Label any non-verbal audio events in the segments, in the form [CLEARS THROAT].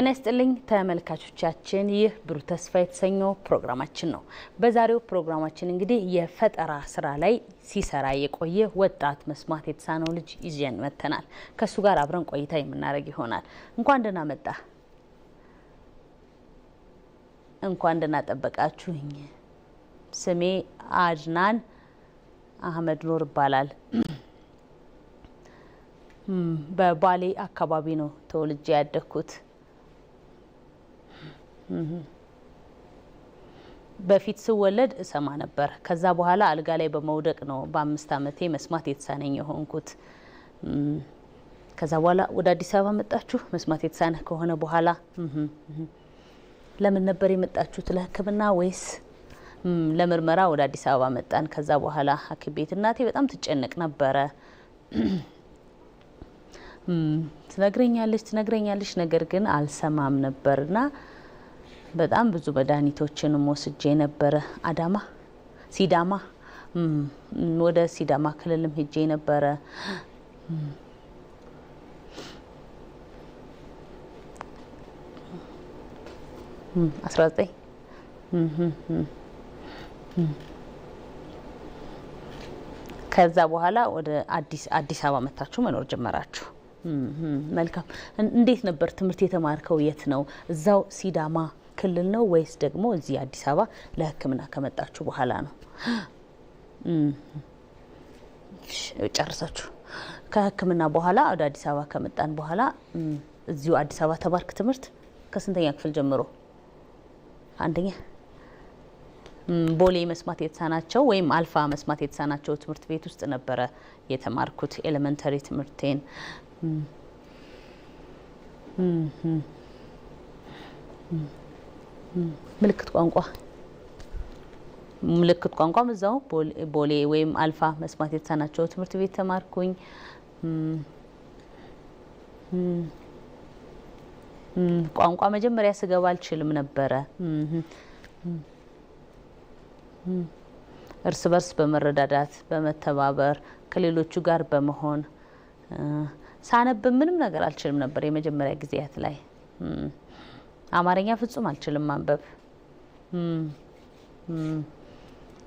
ጤና ይስጥልኝ ተመልካቾቻችን፣ ይህ ብሩህ ተስፋ የተሰኘው ፕሮግራማችን ነው። በዛሬው ፕሮግራማችን እንግዲህ የፈጠራ ስራ ላይ ሲሰራ የቆየ ወጣት መስማት የተሳነው ልጅ ይዘን መጥተናል። ከእሱ ጋር አብረን ቆይታ የምናደርግ ይሆናል። እንኳን ደህና መጣ፣ እንኳን ደህና ጠበቃችሁኝ። ስሜ አድናን አህመድ ኖር ይባላል። [CLEARS THROAT] በባሌ አካባቢ ነው ተወልጄ ያደግኩት። በፊት ስወለድ እሰማ ነበር። ከዛ በኋላ አልጋ ላይ በመውደቅ ነው በአምስት ዓመቴ መስማት የተሳነኝ የሆንኩት። ከዛ በኋላ ወደ አዲስ አበባ መጣችሁ መስማት የተሳነህ ከሆነ በኋላ ለምን ነበር የመጣችሁት? ለሕክምና ወይስ ለምርመራ? ወደ አዲስ አበባ መጣን። ከዛ በኋላ ሐኪም ቤት እናቴ በጣም ትጨነቅ ነበረ። ትነግረኛለች ትነግረኛለች፣ ነገር ግን አልሰማም ነበርና በጣም ብዙ መድኃኒቶችንም ወስጄ የነበረ አዳማ፣ ሲዳማ ወደ ሲዳማ ክልልም ሄጄ ነበረ። አስራ ዘጠኝ ከዛ በኋላ ወደ አዲስ አበባ መታችሁ መኖር ጀመራችሁ። መልካም። እንዴት ነበር ትምህርት የተማርከው? የት ነው? እዛው ሲዳማ ክልል ነው ወይስ ደግሞ እዚህ አዲስ አበባ ለሕክምና ከመጣችሁ በኋላ ነው? ጨርሳችሁ ከሕክምና በኋላ ወደ አዲስ አበባ ከመጣን በኋላ እዚሁ አዲስ አበባ ተባርክ ትምህርት ከስንተኛ ክፍል ጀምሮ? አንደኛ ቦሌ መስማት የተሳናቸው ወይም አልፋ መስማት የተሳናቸው ትምህርት ቤት ውስጥ ነበረ የተማርኩት ኤሌመንተሪ ትምህርቴን። ምልክት ቋንቋ ምልክት ቋንቋም እዛው ቦሌ ወይም አልፋ መስማት የተሳናቸው ትምህርት ቤት ተማርኩኝ። ቋንቋ መጀመሪያ ስገባ አልችልም ነበረ። እርስ በርስ በመረዳዳት በመተባበር ከሌሎቹ ጋር በመሆን ሳነብ ምንም ነገር አልችልም ነበር የመጀመሪያ ጊዜያት ላይ አማርኛ ፍጹም አልችልም ማንበብ።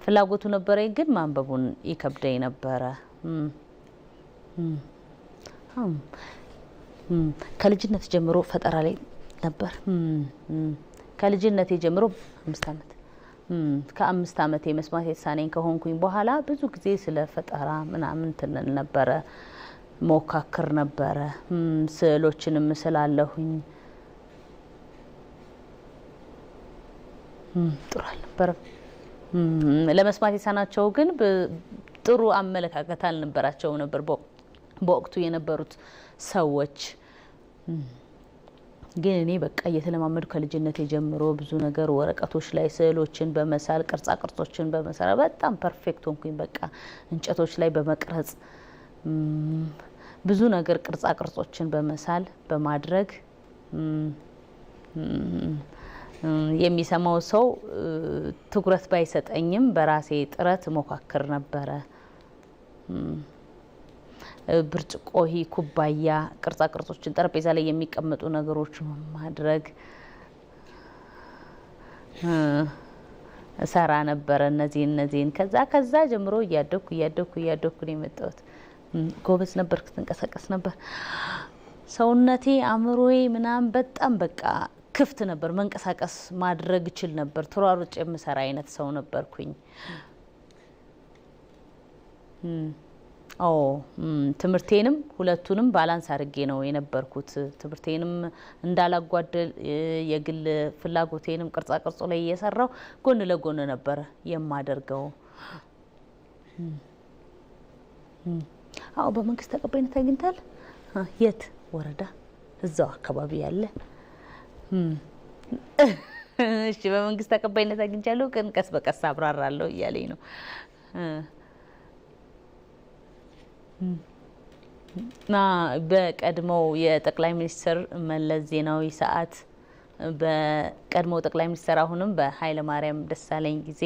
ፍላጎቱ ነበረኝ፣ ግን ማንበቡን ይከብደኝ ነበረ። ከልጅነት ጀምሮ ፈጠራ ላይ ነበር። ከልጅነቴ ጀምሮ አምስት ዓመት ከአምስት ዓመት የመስማት የተሳነኝ ከሆንኩኝ በኋላ ብዙ ጊዜ ስለ ፈጠራ ምናምን ትንል ነበረ፣ ሞካክር ነበረ፣ ስዕሎችንም ስላለሁኝ ጥሩ አልነበረም። ለመስማት የሳናቸው ግን ጥሩ አመለካከት አልነበራቸውም ነበር በወቅቱ የነበሩት ሰዎች። ግን እኔ በቃ እየተለማመዱ ከልጅነት የጀምሮ ብዙ ነገር ወረቀቶች ላይ ስዕሎችን በመሳል ቅርጻ ቅርጾችን በመሳል በጣም ፐርፌክት ሆንኩኝ። በቃ እንጨቶች ላይ በመቅረጽ ብዙ ነገር ቅርጻ ቅርጾችን በመሳል በማድረግ የሚሰማው ሰው ትኩረት ባይሰጠኝም በራሴ ጥረት ሞካክር ነበረ። ብርጭቆሂ ኩባያ፣ ቅርጻ ቅርጾችን፣ ጠረጴዛ ላይ የሚቀመጡ ነገሮች ማድረግ ሰራ ነበረ። እነዚህ እነዚህን ከዛ ከዛ ጀምሮ እያደኩ እያደኩ እያደኩ ነው የመጣሁት። ጎበዝ ነበር፣ ትንቀሳቀስ ነበር ሰውነቴ፣ አእምሮዬ ምናምን በጣም በቃ ክፍት ነበር። መንቀሳቀስ ማድረግ እችል ነበር። ተሯሩጭ የምሰራ አይነት ሰው ነበርኩኝ። ትምህርቴንም ሁለቱንም ባላንስ አድርጌ ነው የነበርኩት። ትምህርቴንም እንዳላጓደል የግል ፍላጎቴንም ቅርጻ ቅርጾ ላይ እየሰራው ጎን ለጎን ነበር የማደርገው። አዎ፣ በመንግስት ተቀባይነት አግኝታል። የት ወረዳ? እዛው አካባቢ ያለ እሺ በመንግስት ተቀባይነት አግኝቻለሁ፣ ግን ቀስ በቀስ አብራራለሁ እያለኝ ነው። ና በቀድሞው የጠቅላይ ሚኒስትር መለስ ዜናዊ ሰዓት በቀድሞው ጠቅላይ ሚኒስትር አሁንም በኃይለ ማርያም ደሳለኝ ጊዜ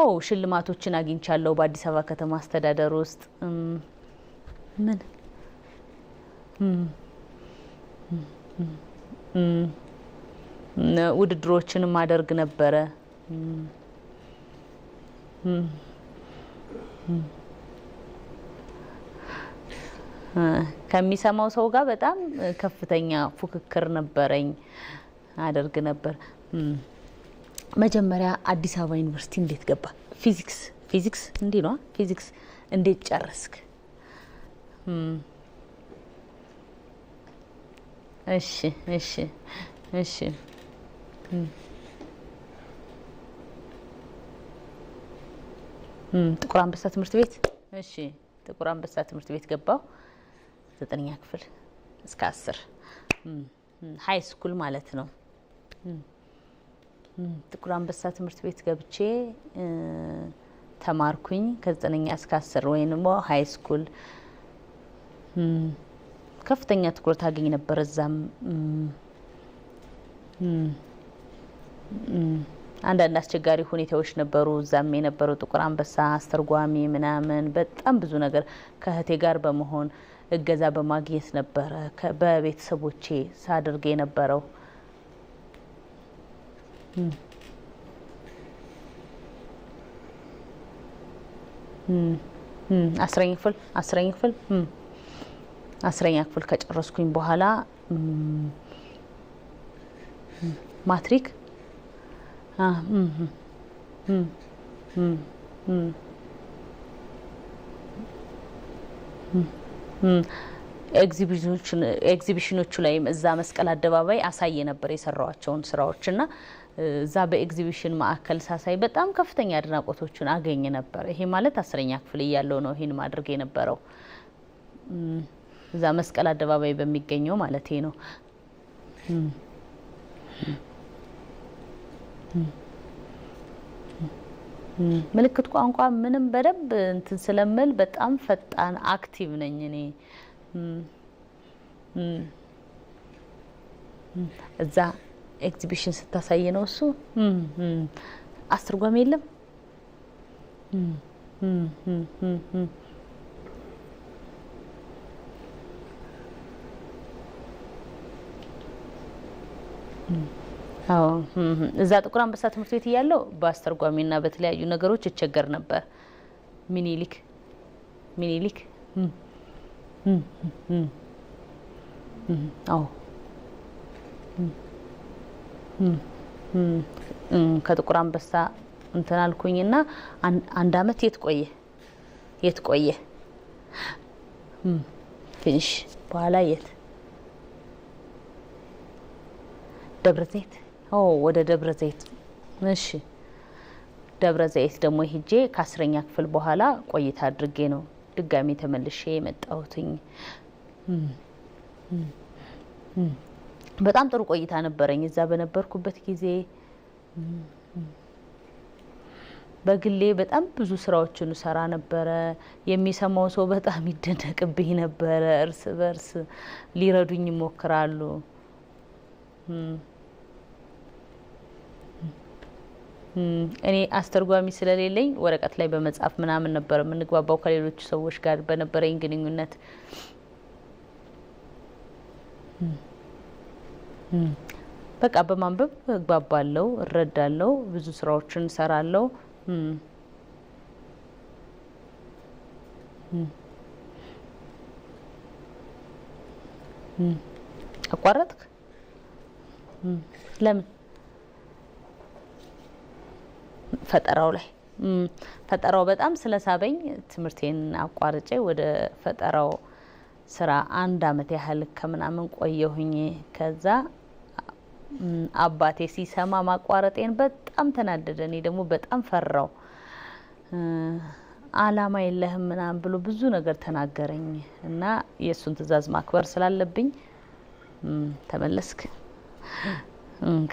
ኦ ሽልማቶችን አግኝቻለሁ በአዲስ አበባ ከተማ አስተዳደር ውስጥ ምን ውድድሮችንም አደርግ ነበረ። ከሚሰማው ሰው ጋር በጣም ከፍተኛ ፉክክር ነበረኝ፣ አደርግ ነበር። መጀመሪያ አዲስ አበባ ዩኒቨርሲቲ እንዴት ገባ? ፊዚክስ ፊዚክስ እንዲህ ነው። ፊዚክስ እንዴት ጨረስክ? እሺ እሺ እሺ ጥቁር አንበሳ ትምህርት ቤት እሺ፣ ጥቁር አንበሳ ትምህርት ቤት ገባው ዘጠነኛ ክፍል እስከ አስር ሀይ ስኩል ማለት ነው። ጥቁር አንበሳ ትምህርት ቤት ገብቼ ተማርኩኝ ከዘጠነኛ እስከ አስር ወይም ሀይ ስኩል ከፍተኛ ትኩረት አገኝ ነበር። እዛም አንዳንድ አስቸጋሪ ሁኔታዎች ነበሩ። እዛም የነበረው ጥቁር አንበሳ አስተርጓሚ ምናምን በጣም ብዙ ነገር ከእህቴ ጋር በመሆን እገዛ በማግኘት ነበረ በቤተሰቦቼ ሳድርግ የነበረው። አስረኝ ክፍል አስረኝ ክፍል አስረኛ ክፍል ከጨረስኩኝ በኋላ ማትሪክ ኤግዚቢሽኖቹ ላይ እዛ መስቀል አደባባይ አሳየ ነበር የሰራዋቸውን ስራዎች እዛ በኤግዚቢሽን ማዕከል ሳሳይ በጣም ከፍተኛ አድናቆቶችን አገኝ ነበር። ይሄ ማለት አስረኛ ክፍል እያለው ነው ይህን ማድረግ የነበረው። እዛ መስቀል አደባባይ በሚገኘው ማለት ነው። ምልክት ቋንቋ ምንም በደንብ እንትን ስለምል በጣም ፈጣን አክቲቭ ነኝ እኔ። እዛ ኤግዚቢሽን ስታሳይ ነው እሱ። አስተርጓሚ የለም። አዎ እዛ ጥቁር አንበሳ ትምህርት ቤት እያለው በአስተርጓሚና በተለያዩ ነገሮች እቸገር ነበር። ሚኒሊክ ሚኒሊክ አዎ ከጥቁር አንበሳ እንትን አልኩኝና አንድ አመት የት ቆየ የት ቆየ ትንሽ በኋላ የት ደብረ ዘይት ወደ ደብረ ዘይት እሺ። ደብረ ዘይት ደግሞ ሄጄ ከአስረኛ ክፍል በኋላ ቆይታ አድርጌ ነው ድጋሚ ተመልሼ የመጣሁትኝ። በጣም ጥሩ ቆይታ ነበረኝ እዛ በነበርኩበት ጊዜ። በግሌ በጣም ብዙ ስራዎችን ሰራ ነበረ። የሚሰማው ሰው በጣም ይደነቅብኝ ነበረ። እርስ በርስ ሊረዱኝ ይሞክራሉ። እኔ አስተርጓሚ ስለሌለኝ ወረቀት ላይ በመጻፍ ምናምን ነበር የምንግባባው ከሌሎቹ ሰዎች ጋር በነበረኝ ግንኙነት። በቃ በማንበብ እግባባለው፣ እረዳለው፣ ብዙ ስራዎችን እሰራለው። አቋረጥክ? ለምን? ፈጠራው ላይ ፈጠራው በጣም ስለሳበኝ ትምህርቴን አቋርጬ ወደ ፈጠራው ስራ አንድ አመት ያህል ከምናምን ቆየሁኝ። ከዛ አባቴ ሲሰማ ማቋረጤን በጣም ተናደደ። እኔ ደግሞ በጣም ፈራው። አላማ የለህም ምናምን ብሎ ብዙ ነገር ተናገረኝ እና የእሱን ትዕዛዝ ማክበር ስላለብኝ ተመለስክ።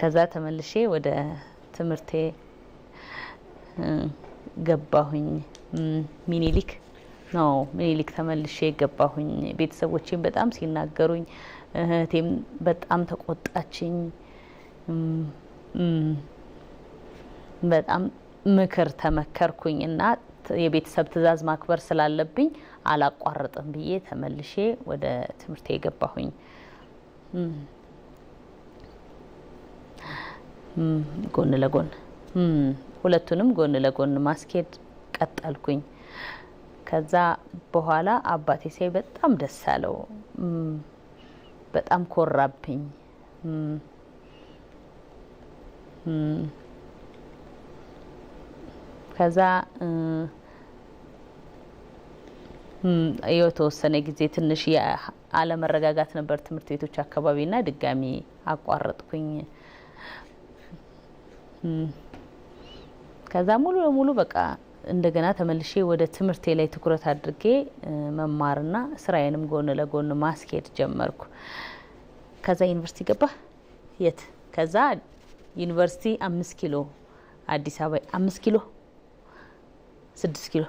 ከዛ ተመልሼ ወደ ትምህርቴ ገባሁኝ። ሚኒሊክ ነው ሚኒሊክ ተመልሼ ገባሁኝ። ቤተሰቦቼም በጣም ሲናገሩኝ፣ እህቴም በጣም ተቆጣችኝ። በጣም ምክር ተመከርኩኝ እና የቤተሰብ ትዕዛዝ ማክበር ስላለብኝ አላቋረጥም ብዬ ተመልሼ ወደ ትምህርቴ የገባሁኝ። ጎን ለጎን ሁለቱንም ጎን ለጎን ማስኬድ ቀጠልኩኝ። ከዛ በኋላ አባቴ ሳይ በጣም ደስ አለው። በጣም ኮራብኝ። ከዛ የተወሰነ ጊዜ ትንሽ አለመረጋጋት ነበር ትምህርት ቤቶች አካባቢና ድጋሚ አቋረጥኩኝ። ከዛ ሙሉ ለሙሉ በቃ እንደገና ተመልሼ ወደ ትምህርቴ ላይ ትኩረት አድርጌ መማርና ስራዬንም ጎን ለጎን ማስኬድ ጀመርኩ። ከዛ ዩኒቨርሲቲ ገባ የት ከዛ ዩኒቨርሲቲ አምስት ኪሎ አዲስ አበባ አምስት ኪሎ ስድስት ኪሎ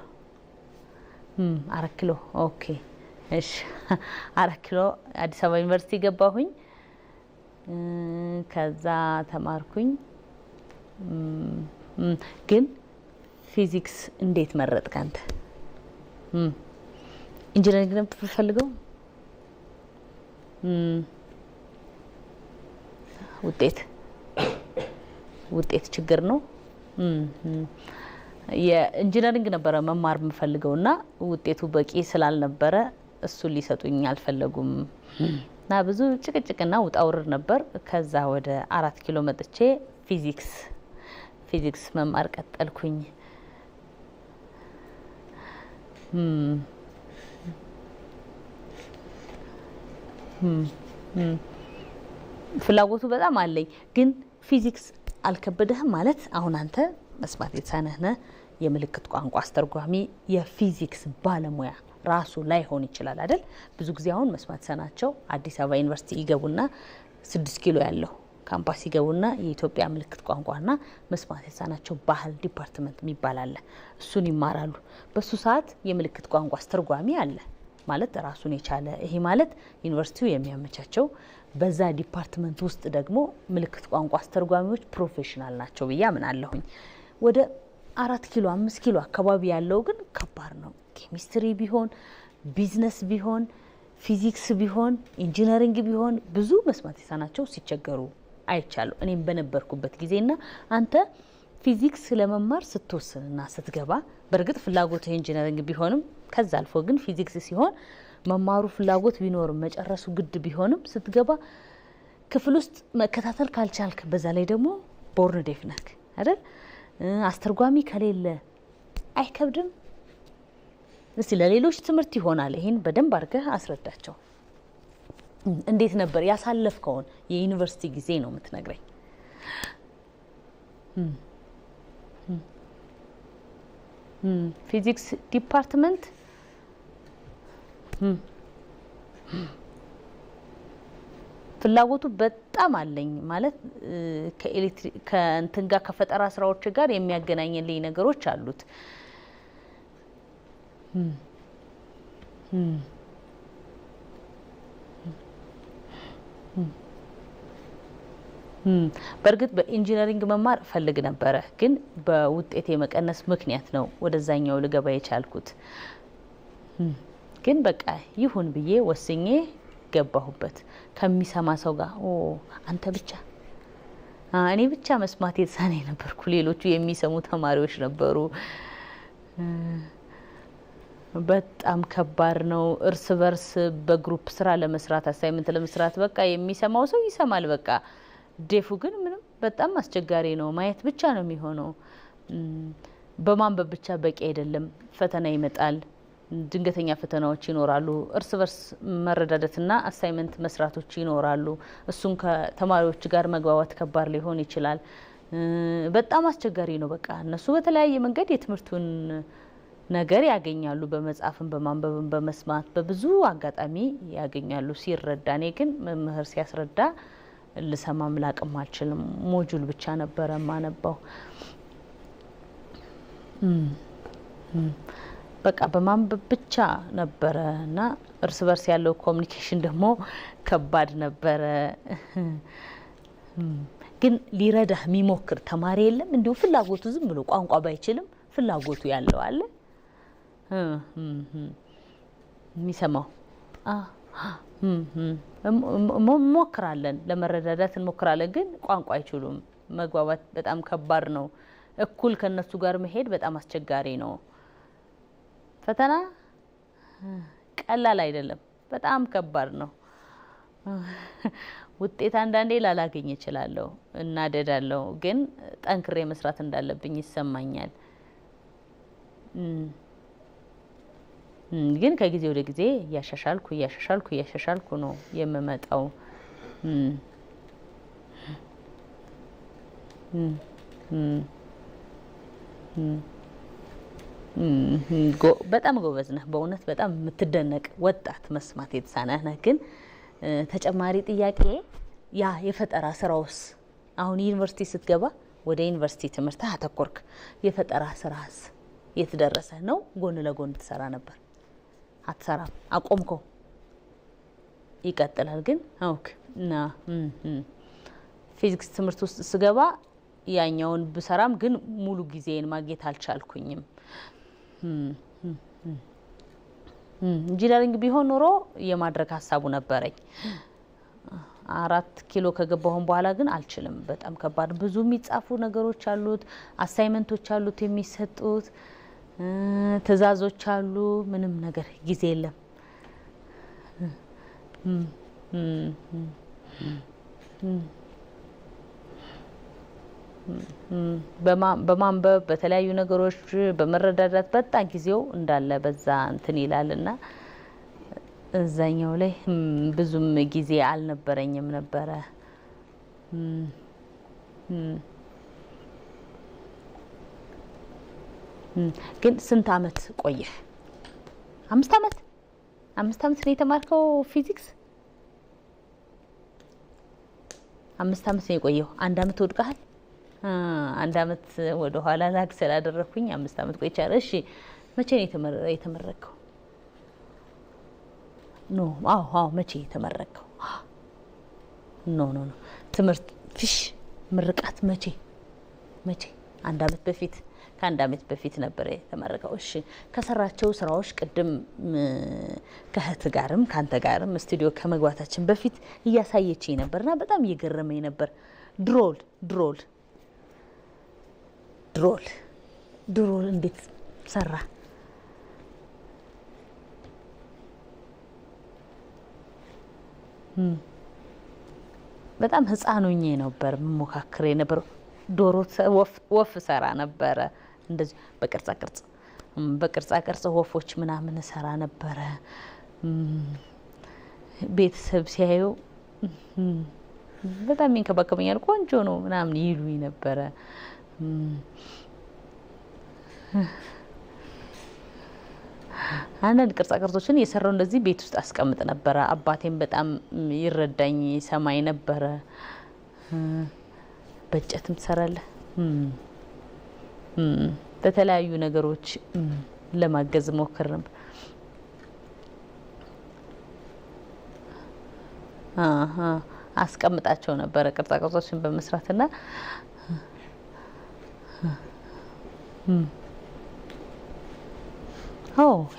አራት ኪሎ ኦኬ እሺ [LAUGHS] አራት ኪሎ አዲስ አበባ ዩኒቨርሲቲ ገባሁኝ። ከዛ ተማርኩኝ። ግን ፊዚክስ እንዴት መረጥክ አንተ? ኢንጂነሪንግ ነው የምትፈልገው? ውጤት ውጤት ችግር ነው። የኢንጂነሪንግ ነበረ መማር የምፈልገው እና ውጤቱ በቂ ስላልነበረ እሱን ሊሰጡኝ አልፈለጉም እና ብዙ ጭቅጭቅና ውጣውርድ ነበር። ከዛ ወደ አራት ኪሎ መጥቼ ፊዚክስ ፊዚክስ መማር ቀጠልኩኝ። hmm. Hmm. Hmm. ፍላጎቱ በጣም አለኝ፣ ግን ፊዚክስ አልከበደህም ማለት አሁን አንተ መስማት የተሳነህ ነህ። የምልክት ቋንቋ አስተርጓሚ የፊዚክስ ባለሙያ ራሱ ላይሆን ይችላል አይደል? ብዙ ጊዜ አሁን መስማት ሰናቸው አዲስ አበባ ዩኒቨርሲቲ ይገቡና ስድስት ኪሎ ያለው ካምፓስ ሲገቡና የኢትዮጵያ ምልክት ቋንቋና መስማት የተሳናቸው ባህል ዲፓርትመንት የሚባል አለ። እሱን ይማራሉ። በሱ ሰዓት የምልክት ቋንቋ አስተርጓሚ አለ ማለት ራሱን የቻለ ይሄ ማለት ዩኒቨርሲቲው የሚያመቻቸው በዛ ዲፓርትመንት ውስጥ ደግሞ ምልክት ቋንቋ አስተርጓሚዎች ፕሮፌሽናል ናቸው ብዬ አምናለሁኝ። ወደ አራት ኪሎ አምስት ኪሎ አካባቢ ያለው ግን ከባድ ነው። ኬሚስትሪ ቢሆን ቢዝነስ ቢሆን ፊዚክስ ቢሆን ኢንጂነሪንግ ቢሆን ብዙ መስማት የተሳናቸው ሲቸገሩ አይቻለሁ። እኔም በነበርኩበት ጊዜና አንተ ፊዚክስ ለመማር ስትወስንና ስትገባ በእርግጥ ፍላጎት ኢንጂነሪንግ ቢሆንም ከዛ አልፎ ግን ፊዚክስ ሲሆን መማሩ ፍላጎት ቢኖርም መጨረሱ ግድ ቢሆንም ስትገባ ክፍል ውስጥ መከታተል ካልቻልክ፣ በዛ ላይ ደግሞ ቦርን ዴፍ ነክ አይደል? አስተርጓሚ ከሌለ አይከብድም? እስቲ ለሌሎች ትምህርት ይሆናል። ይህን በደንብ አድርገህ አስረዳቸው። እንዴት ነበር ያሳለፍከውን የዩኒቨርሲቲ ጊዜ ነው የምትነግረኝ? ፊዚክስ ዲፓርትመንት ፍላጎቱ በጣም አለኝ ማለት ከእንትን ጋር ከፈጠራ ስራዎች ጋር የሚያገናኝልኝ ነገሮች አሉት። በእርግጥ በኢንጂነሪንግ መማር ፈልግ ነበረ፣ ግን በውጤት የመቀነስ ምክንያት ነው ወደዛኛው ልገባ የቻልኩት። ግን በቃ ይሁን ብዬ ወስኜ ገባሁበት። ከሚሰማ ሰው ጋር አንተ ብቻ እኔ ብቻ መስማት የተሳነኝ ነበርኩ። ሌሎቹ የሚሰሙ ተማሪዎች ነበሩ። በጣም ከባድ ነው። እርስ በርስ በግሩፕ ስራ ለመስራት አሳይመንት ለመስራት በቃ የሚሰማው ሰው ይሰማል። በቃ ዴፉ ግን ምንም በጣም አስቸጋሪ ነው። ማየት ብቻ ነው የሚሆነው። በማንበብ ብቻ በቂ አይደለም። ፈተና ይመጣል። ድንገተኛ ፈተናዎች ይኖራሉ። እርስ በርስ መረዳደትና አሳይመንት መስራቶች ይኖራሉ። እሱን ከተማሪዎች ጋር መግባባት ከባድ ሊሆን ይችላል። በጣም አስቸጋሪ ነው። በቃ እነሱ በተለያየ መንገድ የትምህርቱን ነገር ያገኛሉ። በመጻፍም በማንበብም በመስማት በብዙ አጋጣሚ ያገኛሉ። ሲረዳ እኔ ግን መምህር ሲያስረዳ ልሰማም ላቅም አልችልም። ሞጁል ብቻ ነበረ ማነባው። በቃ በማንበብ ብቻ ነበረ እና እርስ በርስ ያለው ኮሚኒኬሽን ደግሞ ከባድ ነበረ። ግን ሊረዳህ የሚሞክር ተማሪ የለም። እንዲሁም ፍላጎቱ ዝም ብሎ ቋንቋ ባይችልም ፍላጎቱ ያለው አለ። የሚሰማው ሞክራለን ለመረዳዳት እንሞክራለን። ግን ቋንቋ አይችሉም። መግባባት በጣም ከባድ ነው። እኩል ከነሱ ጋር መሄድ በጣም አስቸጋሪ ነው። ፈተና ቀላል አይደለም፣ በጣም ከባድ ነው። ውጤት አንዳንዴ ላላገኝ እችላለሁ፣ እናደዳለሁ። ግን ጠንክሬ መስራት እንዳለብኝ ይሰማኛል። ግን ከጊዜ ወደ ጊዜ እያሻሻልኩ እያሻሻልኩ እያሻሻልኩ ነው የምመጣው። በጣም ጎበዝ ነህ፣ በእውነት በጣም የምትደነቅ ወጣት መስማት የተሳነህ ነህ። ግን ተጨማሪ ጥያቄ ያ የፈጠራ ስራውስ አሁን ዩኒቨርሲቲ ስትገባ ወደ ዩኒቨርሲቲ ትምህርት አተኮርክ። የፈጠራ ስራስ የት ደረሰ ነው? ጎን ለጎን ትሰራ ነበር? አትሰራም፣ አቆምከው፣ ይቀጥላል። ግን አውክ ና ፊዚክስ ትምህርት ውስጥ ስገባ ያኛውን ብሰራም ግን ሙሉ ጊዜን ማግኘት አልቻልኩኝም። ኢንጂነሪንግ ቢሆን ኖሮ የማድረግ ሀሳቡ ነበረኝ። አራት ኪሎ ከገባሁን በኋላ ግን አልችልም። በጣም ከባድ ብዙ የሚጻፉ ነገሮች አሉት፣ አሳይመንቶች አሉት የሚሰጡት ትእዛዞች አሉ። ምንም ነገር ጊዜ የለም። በማንበብ በተለያዩ ነገሮች በመረዳዳት በጣም ጊዜው እንዳለ በዛ እንትን ይላል እና እዛኛው ላይ ብዙም ጊዜ አልነበረኝም ነበረ። ግን ስንት አመት ቆየህ? አምስት አመት አምስት አመት ነው የተማርከው ፊዚክስ። አምስት አመት ነው የቆየው። አንድ አመት ወድቀሃል። አንድ አመት ወደ ኋላ ላግ ስላደረግኩኝ አምስት አመት ቆይቻለሁ። እሺ መቼ ነው የተመረከው? ኖ አዎ፣ አዎ መቼ የተመረከው? ኖ ኖ ኖ ትምህርት ፊሽ ምርቃት መቼ መቼ? አንድ አመት በፊት ከአንድ አመት በፊት ነበር የተመረቀው። እሺ ከሰራቸው ስራዎች ቅድም ከእህት ጋርም ከአንተ ጋርም ስቱዲዮ ከመግባታችን በፊት እያሳየችኝ ነበርና በጣም እየገረመኝ ነበር። ድሮል ድሮል ድሮል ድሮል እንዴት ሰራ? በጣም ህፃን ነበር ሞካክሬ ነበር። ዶሮ ወፍ ሰራ ነበረ። እንደዚህ በቅርጻ ቅርጽ በቅርጻ ቅርጽ ወፎች ምናምን እሰራ ነበረ። ቤተሰብ ሲያዩ በጣም ይንከባከበኛል፣ ቆንጆ ነው ምናምን ይሉኝ ነበረ። አንዳንድ ቅርጻ ቅርጾችን የሰራው እንደዚህ ቤት ውስጥ አስቀምጥ ነበረ። አባቴም በጣም ይረዳኝ ሰማይ ነበረ። በእንጨትም ትሰራለህ በተለያዩ ነገሮች ለማገዝ ሞክር ነበር። አስቀምጣቸው ነበረ ቅርጻ ቅርጾችን በመስራትና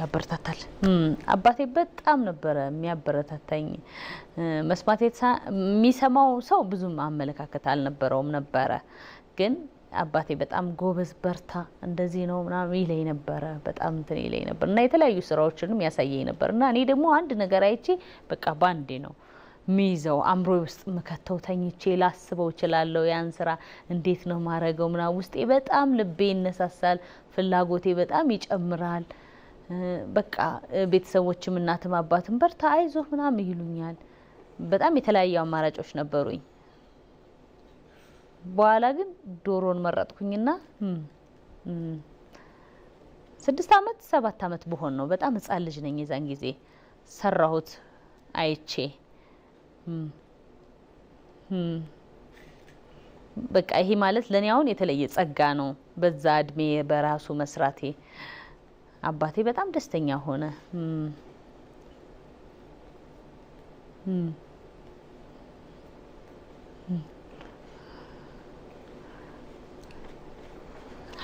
ያበረታታል። አባቴ በጣም ነበረ የሚያበረታታኝ። መስማት የሚሰማው ሰው ብዙም አመለካከት አልነበረውም ነበረ ግን አባቴ በጣም ጎበዝ በርታ፣ እንደዚህ ነው ምናምን ይለኝ ነበረ። በጣም እንትን ይለኝ ነበር እና የተለያዩ ስራዎችንም ያሳየኝ ነበር እና እኔ ደግሞ አንድ ነገር አይቼ በቃ ባንዴ ነው ሚይዘው አእምሮ ውስጥ ምከተው ተኝቼ ላስበው እችላለሁ። ያን ስራ እንዴት ነው ማረገው ምናምን ውስጤ በጣም ልቤ ይነሳሳል፣ ፍላጎቴ በጣም ይጨምራል። በቃ ቤተሰቦችም እናትም አባትም በርታ አይዞህ ምናምን ይሉኛል። በጣም የተለያዩ አማራጮች ነበሩኝ። በኋላ ግን ዶሮን መረጥኩኝና ስድስት አመት ሰባት አመት በሆን ነው። በጣም ህጻን ልጅ ነኝ። የዛን ጊዜ ሰራሁት አይቼ በቃ ይሄ ማለት ለእኔ አሁን የተለየ ጸጋ ነው። በዛ እድሜ በራሱ መስራቴ አባቴ በጣም ደስተኛ ሆነ።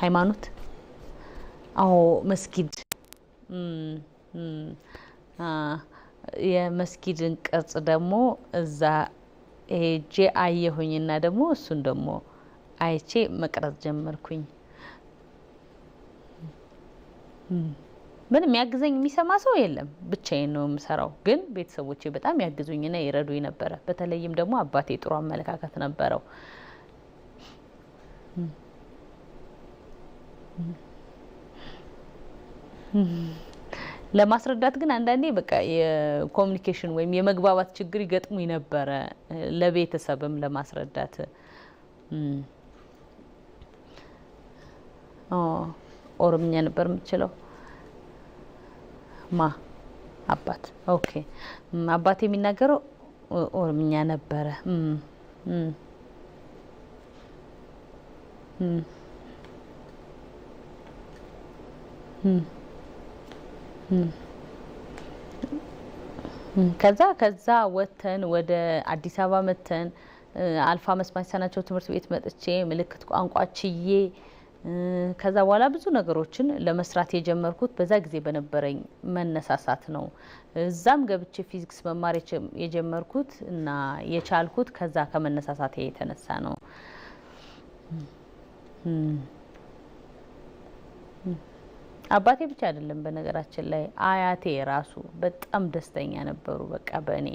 ሃይማኖት አዎ መስጊድ የመስጊድን ቅርጽ ደግሞ እዛ ሄጄ አየሁኝና ደግሞ እሱን ደግሞ አይቼ መቅረጽ ጀመርኩኝ። ምንም ያግዘኝ የሚሰማ ሰው የለም፣ ብቻዬን ነው የምሰራው። ግን ቤተሰቦቼ በጣም ያግዙኝና ይረዱኝ ነበረ። በተለይም ደግሞ አባቴ ጥሩ አመለካከት ነበረው። ለማስረዳት ግን አንዳንዴ በቃ የኮሚኒኬሽን ወይም የመግባባት ችግር ይገጥሙ ነበረ። ለቤተሰብም ለማስረዳት ኦሮምኛ ነበር የምችለው። ማ አባት ኦኬ፣ አባት የሚናገረው ኦሮምኛ ነበረ። ከዛ ከዛ ወጥተን ወደ አዲስ አበባ መጥተን አልፋ መስማት ሰናቸው ትምህርት ቤት መጥቼ ምልክት ቋንቋ ችዬ ከዛ በኋላ ብዙ ነገሮችን ለመስራት የጀመርኩት በዛ ጊዜ በነበረኝ መነሳሳት ነው። እዛም ገብቼ ፊዚክስ መማር የጀመርኩት እና የቻልኩት ከዛ ከመነሳሳት የተነሳ ነው። አባቴ ብቻ አይደለም፣ በነገራችን ላይ አያቴ ራሱ በጣም ደስተኛ ነበሩ። በቃ በእኔ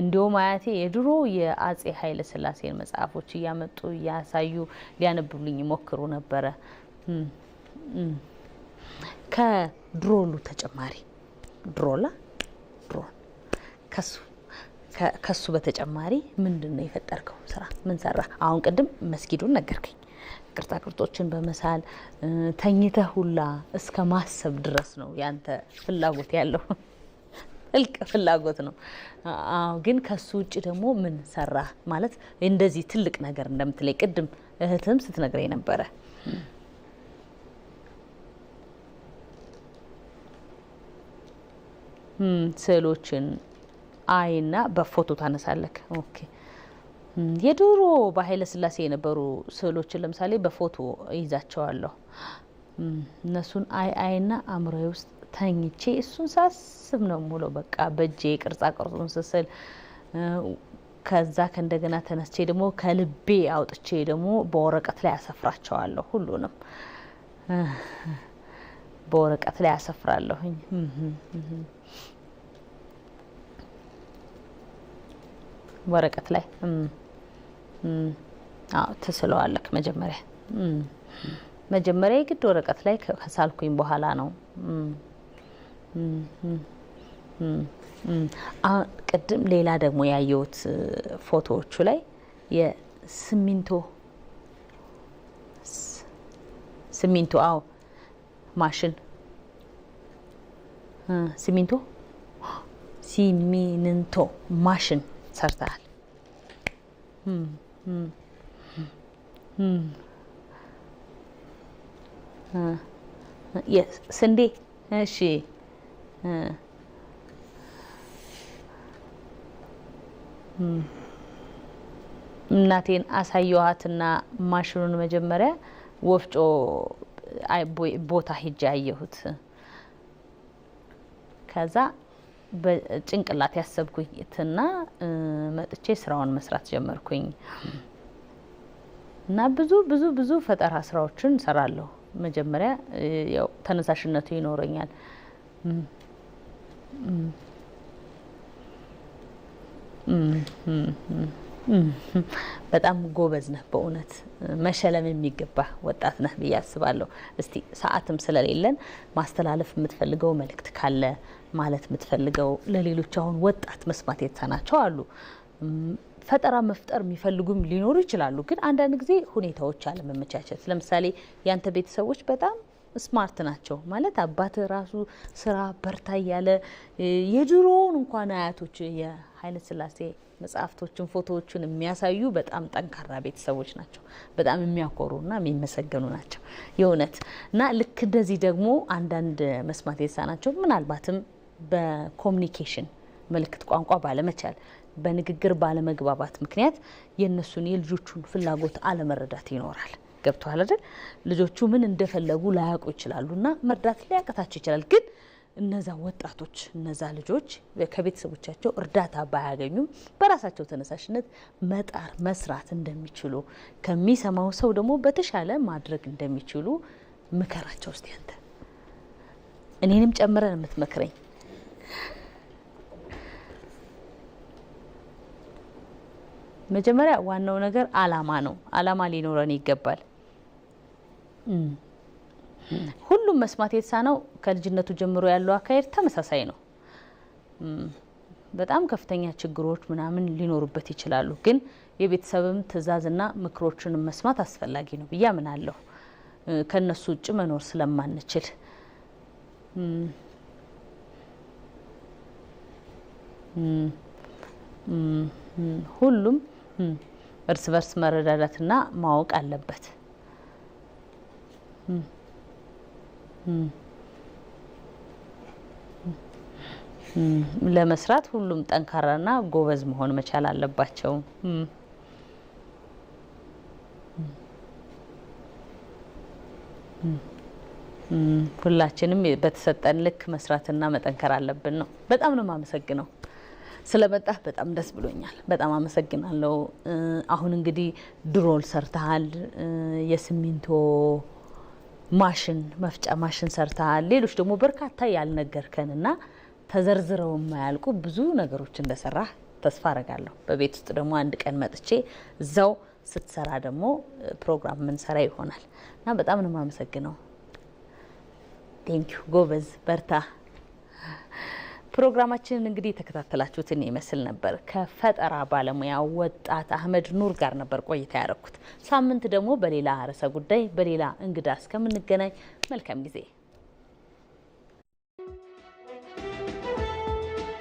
እንዲሁም አያቴ የድሮ የአጼ ኃይለ ስላሴን መጽሐፎች እያመጡ እያሳዩ ሊያነብሉኝ ይሞክሩ ነበረ ከድሮሉ ተጨማሪ ድሮላ ድሮን ከሱ ከሱ በተጨማሪ ምንድን ነው የፈጠርከው ስራ? ምን ሰራ? አሁን ቅድም መስጊዱን ነገርከኝ። ቅርጻቅርጾችን በመሳል ተኝተ ሁላ እስከ ማሰብ ድረስ ነው ያንተ ፍላጎት ያለው። ጥልቅ ፍላጎት ነው። ግን ከሱ ውጭ ደግሞ ምን ሰራ ማለት እንደዚህ ትልቅ ነገር እንደምትለይ ቅድም እህትም ስትነግረኝ ነበረ። ስዕሎችን አይና በፎቶ ታነሳለክ። ኦኬ የድሮ በኃይለ ስላሴ የነበሩ ስዕሎችን ለምሳሌ በፎቶ ይዛቸዋለሁ። እነሱን አይ አይና አእምሮዬ ውስጥ ተኝቼ እሱን ሳስብ ነው ሙሎ በቃ በእጄ ቅርጻ ቅርጹን ስስል ከዛ ከእንደገና ተነስቼ ደግሞ ከልቤ አውጥቼ ደግሞ በወረቀት ላይ አሰፍራቸዋለሁ። ሁሉንም በወረቀት ላይ አሰፍራለሁኝ። ወረቀት ላይ ትስለዋለክ መጀመሪያ መጀመሪያ የግድ ወረቀት ላይ ከሳልኩኝ በኋላ ነው። ቅድም ሌላ ደግሞ ያየሁት ፎቶዎቹ ላይ የስሚንቶ ስሚንቶ አዎ፣ ማሽን ሲሚንቶ [GASPS] ሲሚንቶ ማሽን ሰርተሃል። ስንዴ። እሺ እናቴን አሳየኋትና ማሽኑን መጀመሪያ ወፍጮ ቦታ ሄጄ አየሁት ከዛ በጭንቅላት ያሰብኩትና መጥቼ ስራውን መስራት ጀመርኩኝ እና ብዙ ብዙ ብዙ ፈጠራ ስራዎችን እሰራለሁ። መጀመሪያ ያው ተነሳሽነቱ ይኖረኛል። በጣም ጎበዝ ነህ፣ በእውነት መሸለም የሚገባ ወጣት ነህ ብዬ አስባለሁ። እስቲ ሰዓትም ስለሌለን ማስተላለፍ የምትፈልገው መልእክት ካለ ማለት የምትፈልገው ለሌሎች አሁን ወጣት መስማት የተሳናቸው አሉ። ፈጠራ መፍጠር የሚፈልጉም ሊኖሩ ይችላሉ። ግን አንዳንድ ጊዜ ሁኔታዎች አለመመቻቸት፣ ለምሳሌ ያንተ ቤተሰቦች በጣም ስማርት ናቸው ማለት አባት ራሱ ስራ በርታ እያለ የድሮውን እንኳን አያቶች የኃይለ ስላሴ መጽሐፍቶችን ፎቶዎችን የሚያሳዩ በጣም ጠንካራ ቤተሰቦች ናቸው። በጣም የሚያኮሩና የሚመሰገኑ ናቸው የእውነት እና ልክ እንደዚህ ደግሞ አንዳንድ መስማት የተሳናቸው ምናልባትም በኮሚኒኬሽን ምልክት ቋንቋ ባለመቻል በንግግር ባለመግባባት ምክንያት የእነሱን የልጆቹን ፍላጎት አለመረዳት ይኖራል። ገብተዋል አይደል? ልጆቹ ምን እንደፈለጉ ላያውቁ ይችላሉ እና መርዳት ሊያቀታቸው ይችላል። ግን እነዛ ወጣቶች እነዛ ልጆች ከቤተሰቦቻቸው እርዳታ ባያገኙም በራሳቸው ተነሳሽነት መጣር መስራት እንደሚችሉ ከሚሰማው ሰው ደግሞ በተሻለ ማድረግ እንደሚችሉ ምከራቸው። ውስጥ ያንተ እኔንም ጨምረን የምትመክረኝ መጀመሪያ ዋናው ነገር አላማ ነው። አላማ ሊኖረን ይገባል። ሁሉም መስማት የተሳነው ከልጅነቱ ጀምሮ ያለው አካሄድ ተመሳሳይ ነው። በጣም ከፍተኛ ችግሮች ምናምን ሊኖሩበት ይችላሉ። ግን የቤተሰብም ትዕዛዝና ምክሮችንም መስማት አስፈላጊ ነው ብዬ አምናለሁ። ከእነሱ ውጭ መኖር ስለማንችል ሁሉም እርስ በርስ መረዳዳትና ማወቅ አለበት። ለመስራት ሁሉም ጠንካራና ጎበዝ መሆን መቻል አለባቸው። ሁላችንም በተሰጠን ልክ መስራትና መጠንከር አለብን ነው። በጣም ነው የማመሰግነው። ስለመጣህ በጣም ደስ ብሎኛል። በጣም አመሰግናለሁ። አሁን እንግዲህ ድሮል ሰርተሃል፣ የሲሚንቶ ማሽን መፍጫ ማሽን ሰርተሃል። ሌሎች ደግሞ በርካታ እና ተዘርዝረው የማያልቁ ብዙ ነገሮች እንደሰራ ተስፋ አረጋለሁ። በቤት ውስጥ ደግሞ አንድ ቀን መጥቼ እዛው ስትሰራ ደግሞ ፕሮግራም ምንሰራ ይሆናል እና በጣም ነው የማመሰግነው። ቴንኪዩ። ጎበዝ በርታ። ፕሮግራማችንን እንግዲህ የተከታተላችሁትን ይመስል ነበር። ከፈጠራ ባለሙያ ወጣት አህመድ ኑር ጋር ነበር ቆይታ ያደረኩት። ሳምንት ደግሞ በሌላ ርዕሰ ጉዳይ በሌላ እንግዳ እስከምንገናኝ መልካም ጊዜ